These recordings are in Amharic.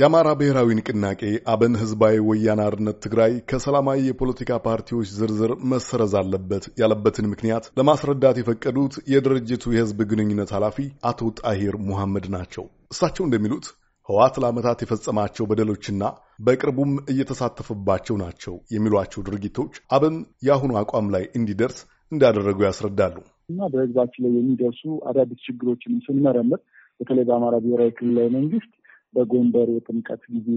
የአማራ ብሔራዊ ንቅናቄ አብን ህዝባዊ ወያነ አርነት ትግራይ ከሰላማዊ የፖለቲካ ፓርቲዎች ዝርዝር መሰረዝ አለበት ያለበትን ምክንያት ለማስረዳት የፈቀዱት የድርጅቱ የህዝብ ግንኙነት ኃላፊ አቶ ጣሂር ሙሐመድ ናቸው። እሳቸው እንደሚሉት ህወሓት ለዓመታት የፈጸማቸው በደሎችና በቅርቡም እየተሳተፈባቸው ናቸው የሚሏቸው ድርጊቶች አብን የአሁኑ አቋም ላይ እንዲደርስ እንዳደረጉ ያስረዳሉ። እና በህዝባችን ላይ የሚደርሱ አዳዲስ ችግሮችን ስንመረምር በተለይ በአማራ ብሔራዊ ክልላዊ መንግስት በጎንደር የጥምቀት ጊዜ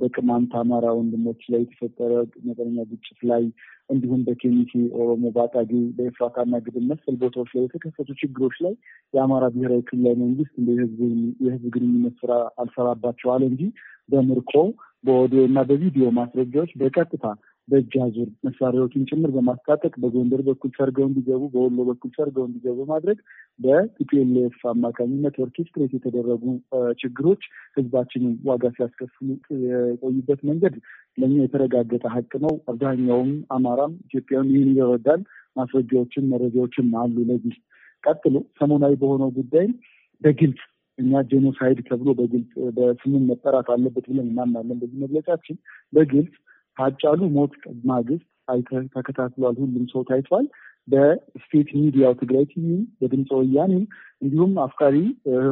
በቅማንት አማራ ወንድሞች ላይ የተፈጠረ መጠነኛ ግጭት ላይ እንዲሁም በኬሚሴ ኦሮሞ፣ በአጣጌ፣ በኤፍራታና ግድም መሰል ቦታዎች ላይ የተከሰቱ ችግሮች ላይ የአማራ ብሔራዊ ክልላዊ መንግስት እንደ የህዝብ ግንኙነት ስራ አልሰራባቸዋል እንጂ በምርኮ በኦዲዮ እና በቪዲዮ ማስረጃዎች በቀጥታ በእጅ አዙር መሳሪያዎችን ጭምር በማስታጠቅ በጎንደር በኩል ሰርገው እንዲገቡ፣ በወሎ በኩል ሰርገው እንዲገቡ በማድረግ በቲፒኤልኤፍ አማካኝነት ኦርኬስትሬት የተደረጉ ችግሮች ህዝባችንን ዋጋ ሲያስከፍሉ የቆዩበት መንገድ ለኛ የተረጋገጠ ሀቅ ነው። አብዛኛውም አማራም ኢትዮጵያም ይህን ይረዳል። ማስረጃዎችን መረጃዎችም አሉ። ለዚህ ቀጥሎ ሰሞናዊ በሆነው ጉዳይም በግልጽ እኛ ጄኖሳይድ ተብሎ በግልጽ በስሙም መጠራት አለበት ብለን እናምናለን። በዚህ መግለጫችን በግልጽ ሀጫሉ ሞት ማግስት አይተ ተከታትሏል። ሁሉም ሰው ታይቷል። በስቴት ሚዲያው ትግራይ ቲቪ፣ በድምፀ ወያኔ እንዲሁም አፍቃሪ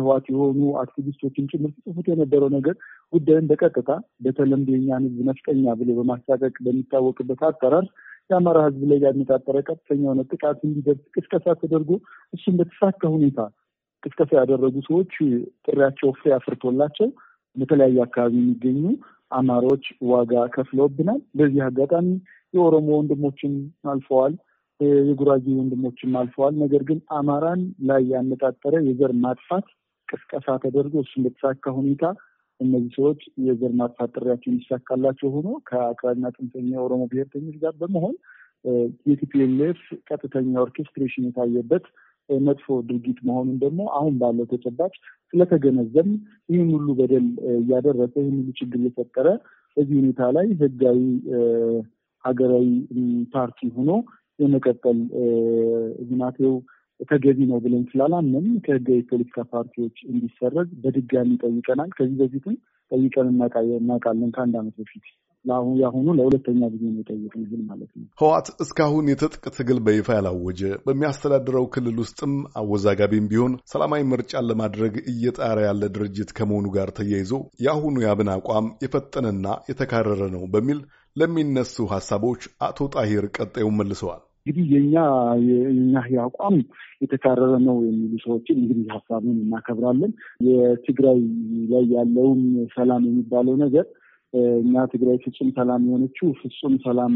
ህዋት የሆኑ አክቲቪስቶችን ጭምር ጽፉት የነበረው ነገር ጉዳዩን በቀጥታ በተለምዶ የኛን ህዝብ ነፍጠኛ ብሎ በማስታጠቅ በሚታወቅበት አጠራር የአማራ ህዝብ ላይ ያነጣጠረ ቀጥተኛ የሆነ ጥቃት እንዲደርስ ቅስቀሳ ተደርጎ እሱም በተሳካ ሁኔታ ቅስቀሳ ያደረጉ ሰዎች ጥሪያቸው ፍሬ አፍርቶላቸው በተለያዩ አካባቢ የሚገኙ አማሮች ዋጋ ከፍለውብናል። በዚህ አጋጣሚ የኦሮሞ ወንድሞችን አልፈዋል፣ የጉራጌ ወንድሞችም አልፈዋል። ነገር ግን አማራን ላይ ያነጣጠረ የዘር ማጥፋት ቅስቀሳ ተደርጎ እሱ እንደተሳካ ሁኔታ እነዚህ ሰዎች የዘር ማጥፋት ጥሪያቸው የሚሳካላቸው ሆኖ ከአክራሪና ጥንተኛ የኦሮሞ ብሔርተኞች ጋር በመሆን የቲፒኤልኤፍ ቀጥተኛ ኦርኬስትሬሽን የታየበት መጥፎ ድርጊት መሆኑን ደግሞ አሁን ባለው ተጨባጭ ስለተገነዘብ ይህን ሁሉ በደል እያደረሰ ይህን ሁሉ ችግር እየፈጠረ በዚህ ሁኔታ ላይ ህጋዊ ሀገራዊ ፓርቲ ሆኖ የመቀጠል ዝናቴው ተገቢ ነው ብለን ስላላምን ከህጋዊ ፖለቲካ ፓርቲዎች እንዲሰረዝ በድጋሚ ጠይቀናል። ከዚህ በፊትም ጠይቀን እናውቃለን ከአንድ ዓመት በፊት ለአሁን ለሁለተኛ ጊዜ የሚጠይቅ ይህል ማለት ነው። ህወሓት እስካሁን የትጥቅ ትግል በይፋ ያላወጀ በሚያስተዳድረው ክልል ውስጥም አወዛጋቢም ቢሆን ሰላማዊ ምርጫን ለማድረግ እየጣረ ያለ ድርጅት ከመሆኑ ጋር ተያይዞ የአሁኑ የአብን አቋም የፈጠነና የተካረረ ነው በሚል ለሚነሱ ሀሳቦች አቶ ጣሂር ቀጣዩን መልሰዋል። እንግዲህ የኛ የኛ አቋም የተካረረ ነው የሚሉ ሰዎችን እንግዲህ ሀሳቡን እናከብራለን። የትግራይ ላይ ያለውን ሰላም የሚባለው ነገር እኛ ትግራይ ፍጹም ሰላም የሆነችው ፍጹም ሰላም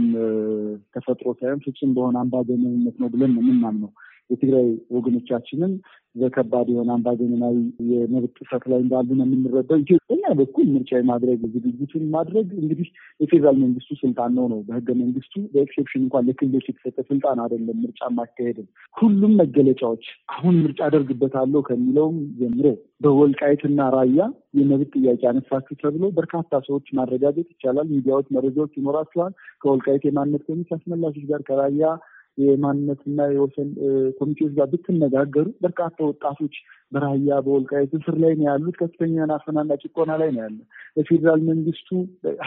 ተፈጥሮ ሳይሆን ፍጹም በሆነ አምባገነንነት ነው ብለን ነው የምናምነው። የትግራይ ወገኖቻችንን በከባድ የሆነ አምባገነናዊ የመብት ጥሰት ላይ እንዳሉ ነው የምንረዳው። ኢትዮጵያ በኩል ምርጫ የማድረግ ዝግጅቱን ማድረግ እንግዲህ የፌዴራል መንግስቱ ስልጣን ነው ነው በህገ መንግስቱ በኤክሴፕሽን እንኳን ለክልሎች የተሰጠ ስልጣን አይደለም። ምርጫ ማካሄድም ሁሉም መገለጫዎች አሁን ምርጫ አደርግበታለሁ ከሚለውም ጀምሮ በወልቃይትና ራያ የመብት ጥያቄ አነሳችሁ ተብሎ በርካታ ሰዎች ማረጋገጥ ይቻላል። ሚዲያዎች መረጃዎች ይኖራችኋል። ከወልቃይት የማንነት ኮሚቴ አስመላሾች ጋር ከራያ የማንነትና የወሰን ኮሚቴዎች ጋር ብትነጋገሩ በርካታ ወጣቶች በራያ በወልቃይት እስር ላይ ነው ያሉት። ከፍተኛ አፈናና ጭቆና ላይ ነው ያለ። በፌዴራል መንግስቱ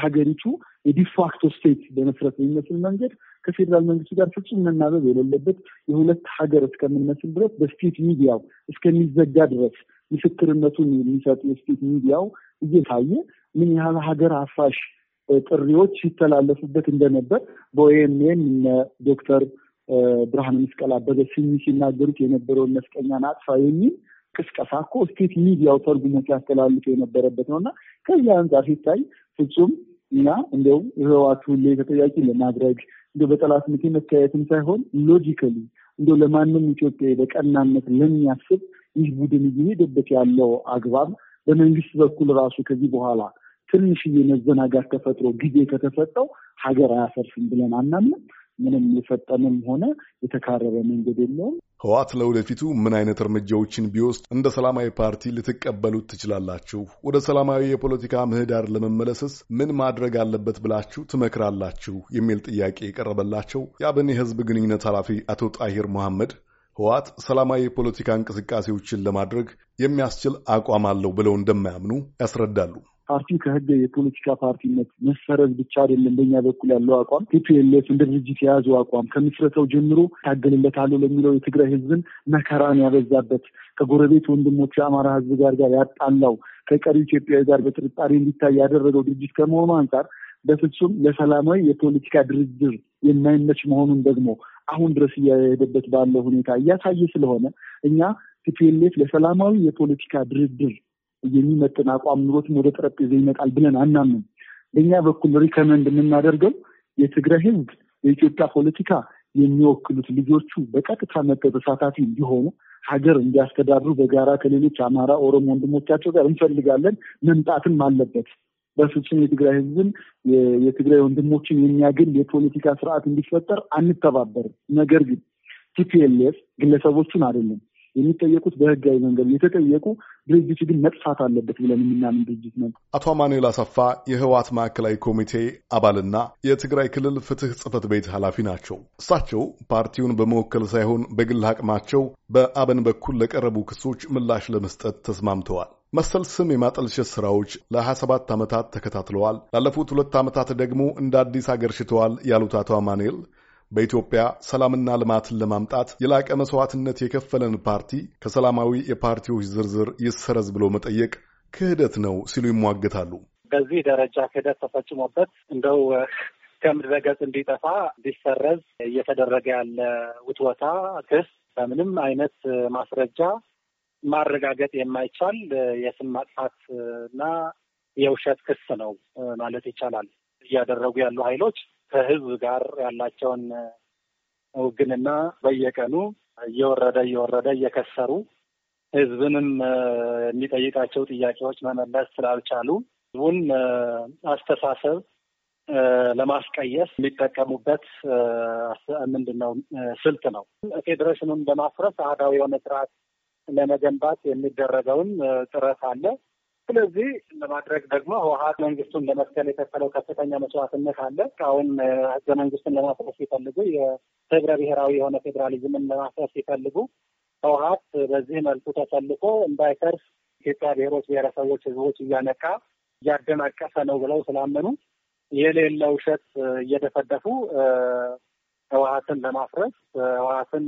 ሀገሪቱ የዲፋክቶ ስቴት በመስረት የሚመስል መንገድ ከፌዴራል መንግስቱ ጋር ፍጹም መናበብ የሌለበት የሁለት ሀገር እስከምንመስል ድረስ በስቴት ሚዲያው እስከሚዘጋ ድረስ ምስክርነቱን የሚሰጥ የስቴት ሚዲያው እየታየ ምን ያህል ሀገር አፋሽ ጥሪዎች ሲተላለፉበት እንደነበር በኦኤምኤን ዶክተር ብርሃነ መስቀል አበበ ስሚ ሲናገሩት የነበረውን መስቀኛን አጥፋ የሚል ቅስቀሳ እኮ ስቴት ሚዲያው ተርጉሞ ሲያስተላልፍ የነበረበት ነው እና ከዚህ አንጻር ሲታይ ፍጹም እና እንዲያውም ህዋቱ ላይ ተጠያቂ ለማድረግ እንደ በጠላትነት መታየትም ሳይሆን ሎጂካሊ እንደ ለማንም ኢትዮጵያ በቀናነት ለሚያስብ ይህ ቡድን እየሄደበት ያለው አግባብ በመንግስት በኩል ራሱ ከዚህ በኋላ ትንሽ የመዘናጋት ተፈጥሮ ጊዜ ከተሰጠው ሀገር አያሰርፍም ብለን አናምንም። ምንም የፈጠንም ሆነ የተካረበ መንገድ የለውም። ህወሓት ለወደፊቱ ምን አይነት እርምጃዎችን ቢወስድ እንደ ሰላማዊ ፓርቲ ልትቀበሉት ትችላላችሁ? ወደ ሰላማዊ የፖለቲካ ምህዳር ለመመለስስ ምን ማድረግ አለበት ብላችሁ ትመክራላችሁ? የሚል ጥያቄ የቀረበላቸው የአብን የህዝብ ግንኙነት ኃላፊ አቶ ጣሂር መሐመድ ህወሓት ሰላማዊ የፖለቲካ እንቅስቃሴዎችን ለማድረግ የሚያስችል አቋም አለው ብለው እንደማያምኑ ያስረዳሉ። ፓርቲው ከህገ የፖለቲካ ፓርቲነት መሰረዝ ብቻ አይደለም። በኛ በኩል ያለው አቋም ቲፒኤልኤፍ እንደ ድርጅት የያዘው አቋም ከምስረተው ጀምሮ ታገልለታለሁ ለሚለው የትግራይ ህዝብን መከራን ያበዛበት ከጎረቤት ወንድሞች የአማራ ህዝብ ጋር ጋር ያጣላው ከቀሪው ኢትዮጵያዊ ጋር በጥርጣሬ እንዲታይ ያደረገው ድርጅት ከመሆኑ አንጻር በፍጹም ለሰላማዊ የፖለቲካ ድርድር የማይመች መሆኑን ደግሞ አሁን ድረስ እያሄደበት ባለው ሁኔታ እያሳየ ስለሆነ እኛ ቲፒኤልኤፍ ለሰላማዊ የፖለቲካ ድርድር የሚመጥን አቋም ኑሮትም ወደ ጠረጴዛ ይመጣል ብለን አናምንም። በእኛ በኩል ሪከመንድ የምናደርገው የትግራይ ህዝብ የኢትዮጵያ ፖለቲካ የሚወክሉት ልጆቹ በቀጥታ መጥተው ተሳታፊ እንዲሆኑ ሀገር እንዲያስተዳድሩ በጋራ ከሌሎች አማራ፣ ኦሮሞ ወንድሞቻቸው ጋር እንፈልጋለን። መምጣትም አለበት። በፍጹም የትግራይ ህዝብን የትግራይ ወንድሞችን የሚያገል የፖለቲካ ስርዓት እንዲፈጠር አንተባበርም። ነገር ግን ቲፒኤልኤፍ ግለሰቦቹን አይደለም የሚጠየቁት በህጋዊ መንገድ የተጠየቁ ድርጅት ግን መጥፋት አለበት ብለን የምናምን ድርጅት ነው። አቶ አማኑኤል አሰፋ የህወሓት ማዕከላዊ ኮሚቴ አባልና የትግራይ ክልል ፍትህ ጽህፈት ቤት ኃላፊ ናቸው። እሳቸው ፓርቲውን በመወከል ሳይሆን በግል አቅማቸው በአብን በኩል ለቀረቡ ክሶች ምላሽ ለመስጠት ተስማምተዋል። መሰል ስም የማጠልሸት ስራዎች ለ27 ዓመታት ተከታትለዋል። ላለፉት ሁለት ዓመታት ደግሞ እንደ አዲስ አገር ሽተዋል ያሉት አቶ አማኑኤል በኢትዮጵያ ሰላምና ልማትን ለማምጣት የላቀ መስዋዕትነት የከፈለን ፓርቲ ከሰላማዊ የፓርቲዎች ዝርዝር ይሰረዝ ብሎ መጠየቅ ክህደት ነው ሲሉ ይሟገታሉ። በዚህ ደረጃ ክህደት ተፈጽሞበት እንደው ከምድረ ገጽ እንዲጠፋ እንዲሰረዝ እየተደረገ ያለ ውትወታ፣ ክስ በምንም አይነት ማስረጃ ማረጋገጥ የማይቻል የስም ማጥፋት እና የውሸት ክስ ነው ማለት ይቻላል እያደረጉ ያሉ ኃይሎች ከህዝብ ጋር ያላቸውን ውግንና በየቀኑ እየወረደ እየወረደ እየከሰሩ ህዝብንም የሚጠይቃቸው ጥያቄዎች መመለስ ስላልቻሉ ህዝቡን አስተሳሰብ ለማስቀየስ የሚጠቀሙበት ምንድን ነው ስልት ነው። ፌዴሬሽኑን በማፍረስ አህዳዊ የሆነ ስርዓት ለመገንባት የሚደረገውን ጥረት አለ። ስለዚህ ለማድረግ ደግሞ ህወሀት መንግስቱን ለመትከል የከፈለው ከፍተኛ መስዋዕትነት አለ። አሁን ህገ መንግስቱን ለማፍረስ ሲፈልጉ የህብረ ብሔራዊ የሆነ ፌዴራሊዝምን ለማፍረስ ሲፈልጉ ህወሀት በዚህ መልኩ ተሰልፎ እንዳይተርፍ ኢትዮጵያ ብሔሮች፣ ብሔረሰቦች፣ ህዝቦች እያነቃ እያደናቀፈ ነው ብለው ስላመኑ የሌለ ውሸት እየደፈደፉ ህወሀትን ለማፍረስ ህወሀትን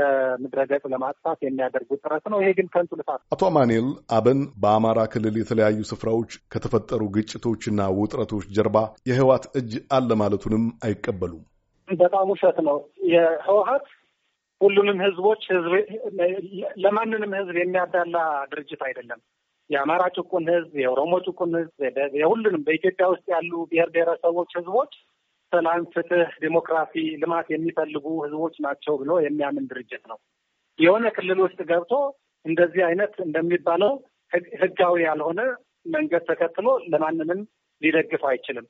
ከምድረ ገጽ ለማጥፋት የሚያደርጉ ጥረት ነው። ይሄ ግን ከንቱ ልፋት። አቶ አማኑኤል አብን በአማራ ክልል የተለያዩ ስፍራዎች ከተፈጠሩ ግጭቶችና ውጥረቶች ጀርባ የህዋት እጅ አለ ማለቱንም አይቀበሉም። በጣም ውሸት ነው። የህወሀት ሁሉንም ህዝቦች ለማንንም ህዝብ የሚያዳላ ድርጅት አይደለም። የአማራ ጭቁን ህዝብ፣ የኦሮሞ ጭቁን ህዝብ፣ የሁሉንም በኢትዮጵያ ውስጥ ያሉ ብሔር ብሔረሰቦች ህዝቦች ሰላም፣ ፍትህ፣ ዴሞክራሲ፣ ልማት የሚፈልጉ ህዝቦች ናቸው ብሎ የሚያምን ድርጅት ነው። የሆነ ክልል ውስጥ ገብቶ እንደዚህ አይነት እንደሚባለው ህጋዊ ያልሆነ መንገድ ተከትሎ ለማንንም ሊደግፍ አይችልም።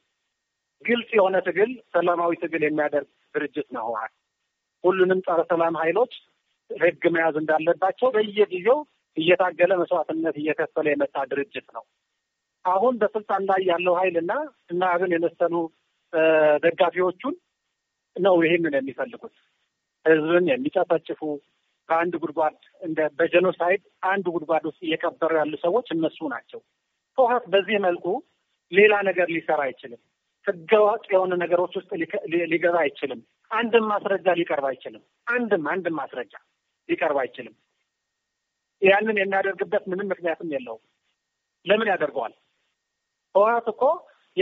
ግልጽ የሆነ ትግል፣ ሰላማዊ ትግል የሚያደርግ ድርጅት ነው ህወሓት። ሁሉንም ጸረ ሰላም ኃይሎች ህግ መያዝ እንዳለባቸው በየጊዜው እየታገለ መስዋዕትነት እየከፈለ የመጣ ድርጅት ነው። አሁን በስልጣን ላይ ያለው ኃይል እና እና አብን የመሰሉ ደጋፊዎቹን ነው ይህንን የሚፈልጉት ህዝብን የሚጨፈጭፉ ከአንድ ጉድጓድ እንደ በጀኖሳይድ አንድ ጉድጓድ ውስጥ እየቀበሩ ያሉ ሰዎች እነሱ ናቸው። ህወሓት በዚህ መልኩ ሌላ ነገር ሊሰራ አይችልም። ህገወጥ የሆነ ነገሮች ውስጥ ሊገባ አይችልም። አንድም ማስረጃ ሊቀርብ አይችልም። አንድም አንድም ማስረጃ ሊቀርብ አይችልም። ያንን የሚያደርግበት ምንም ምክንያትም የለውም። ለምን ያደርገዋል? ህወሓት እኮ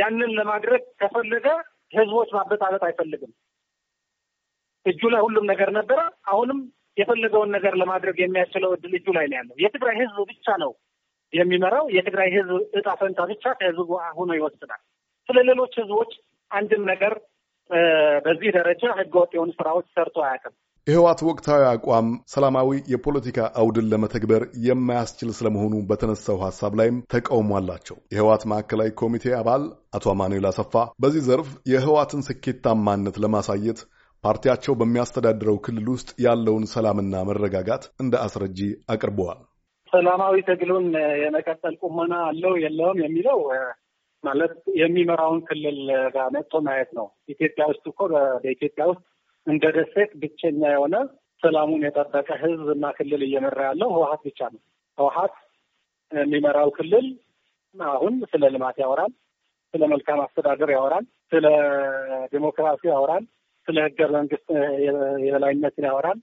ያንን ለማድረግ ከፈለገ ህዝቦች ማበጣበጥ አይፈልግም። እጁ ላይ ሁሉም ነገር ነበረ። አሁንም የፈለገውን ነገር ለማድረግ የሚያስችለው እድል እጁ ላይ ነው ያለው። የትግራይ ህዝብ ብቻ ነው የሚመራው። የትግራይ ህዝብ እጣ ፈንታ ብቻ ከህዝቡ ሆኖ ይወስናል። ስለ ሌሎች ህዝቦች አንድም ነገር በዚህ ደረጃ ህገወጥ የሆኑ ስራዎች ሰርቶ አያውቅም። የህወሓት ወቅታዊ አቋም ሰላማዊ የፖለቲካ አውድን ለመተግበር የማያስችል ስለመሆኑ በተነሳው ሀሳብ ላይም ተቃውሞ አላቸው። የህወሓት ማዕከላዊ ኮሚቴ አባል አቶ አማኑኤል አሰፋ በዚህ ዘርፍ የህወሓትን ስኬታማነት ለማሳየት ፓርቲያቸው በሚያስተዳድረው ክልል ውስጥ ያለውን ሰላምና መረጋጋት እንደ አስረጂ አቅርበዋል። ሰላማዊ ትግሉን የመቀጠል ቁመና አለው የለውም የሚለው ማለት የሚመራውን ክልል ጋር መጥቶ ማየት ነው። ኢትዮጵያ ውስጥ እኮ በኢትዮጵያ ውስጥ እንደ ደሴት ብቸኛ የሆነ ሰላሙን የጠበቀ ህዝብ እና ክልል እየመራ ያለው ህወሀት ብቻ ነው። ህወሀት የሚመራው ክልል አሁን ስለ ልማት ያወራል፣ ስለ መልካም አስተዳደር ያወራል፣ ስለ ዴሞክራሲ ያወራል፣ ስለ ህገ መንግስት የበላይነትን ያወራል።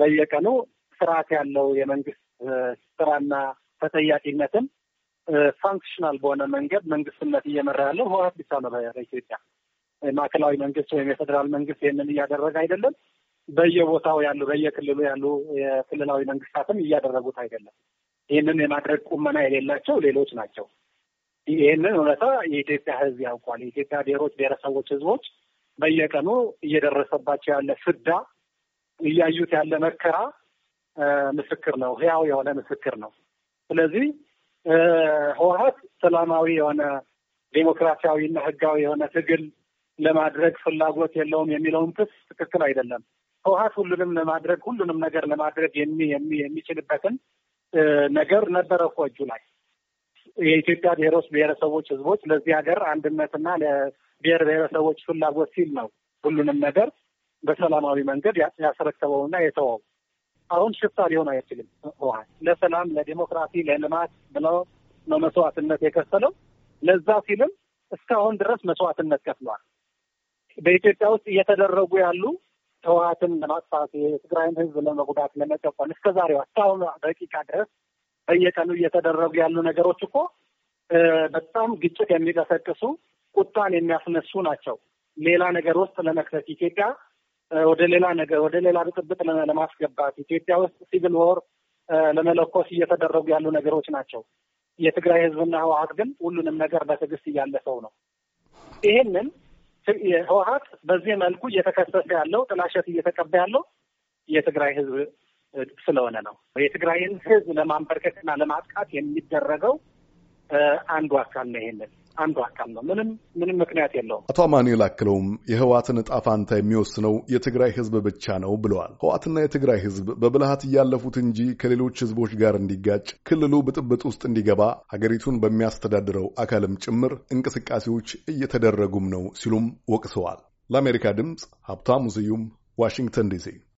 በየቀኑ ስርዓት ያለው የመንግስት ስራና ተጠያቂነትን ፋንክሽናል በሆነ መንገድ መንግስትነት እየመራ ያለው ህወሀት ብቻ ነው በኢትዮጵያ። ማዕከላዊ መንግስት ወይም የፌዴራል መንግስት ይህንን እያደረገ አይደለም። በየቦታው ያሉ በየክልሉ ያሉ የክልላዊ መንግስታትም እያደረጉት አይደለም። ይህንን የማድረግ ቁመና የሌላቸው ሌሎች ናቸው። ይህንን እውነታ የኢትዮጵያ ሕዝብ ያውቋል። የኢትዮጵያ ብሔሮች፣ ብሔረሰቦች፣ ሕዝቦች በየቀኑ እየደረሰባቸው ያለ ፍዳ፣ እያዩት ያለ መከራ ምስክር ነው። ህያው የሆነ ምስክር ነው። ስለዚህ ህወሀት ሰላማዊ የሆነ ዴሞክራሲያዊ ና ህጋዊ የሆነ ትግል ለማድረግ ፍላጎት የለውም የሚለውን ክስ ትክክል አይደለም። ህወሀት ሁሉንም ለማድረግ ሁሉንም ነገር ለማድረግ የሚችልበትን ነገር ነበረ እኮ እጁ ላይ። የኢትዮጵያ ብሔሮች ብሔረሰቦች፣ ህዝቦች ለዚህ ሀገር አንድነትና ለብሔር ብሔረሰቦች ፍላጎት ሲል ነው ሁሉንም ነገር በሰላማዊ መንገድ ያስረከበውና የተወው። አሁን ሽፍታ ሊሆን አይችልም። ህወሀት ለሰላም፣ ለዲሞክራሲ፣ ለልማት ብለው ነው መስዋዕትነት የከፈለው። ለዛ ሲልም እስካሁን ድረስ መስዋዕትነት ከፍሏል። በኢትዮጵያ ውስጥ እየተደረጉ ያሉ ህወሀትን ለማጥፋት የትግራይን ህዝብ ለመጉዳት፣ ለመጨቆን እስከ ዛሬው እስካሁኑ ደቂቃ ድረስ በየቀኑ እየተደረጉ ያሉ ነገሮች እኮ በጣም ግጭት የሚቀሰቅሱ ቁጣን የሚያስነሱ ናቸው። ሌላ ነገር ውስጥ ለመክተት ኢትዮጵያ ወደ ሌላ ነገር ወደ ሌላ ብጥብጥ ለማስገባት ኢትዮጵያ ውስጥ ሲቪል ወር ለመለኮስ እየተደረጉ ያሉ ነገሮች ናቸው። የትግራይ ህዝብና ህወሀት ግን ሁሉንም ነገር በትዕግስት እያለፈው ነው። ይህንን ህወሀት በዚህ መልኩ እየተከሰሰ ያለው ጥላሸት እየተቀባ ያለው የትግራይ ህዝብ ስለሆነ ነው። የትግራይን ህዝብ ለማንበርከክና ለማጥቃት የሚደረገው አንዱ አካል ነው። ይሄንን አንዱ አካል ነው። ምንም ምንም ምክንያት የለውም። አቶ አማኑኤል አክለውም የህዋትን እጣ ፋንታ የሚወስነው የትግራይ ህዝብ ብቻ ነው ብለዋል። ህዋትና የትግራይ ህዝብ በብልሃት እያለፉት እንጂ ከሌሎች ህዝቦች ጋር እንዲጋጭ ክልሉ ብጥብጥ ውስጥ እንዲገባ ሀገሪቱን በሚያስተዳድረው አካልም ጭምር እንቅስቃሴዎች እየተደረጉም ነው ሲሉም ወቅሰዋል። ለአሜሪካ ድምፅ ሀብታሙ ስዩም ዋሽንግተን ዲሲ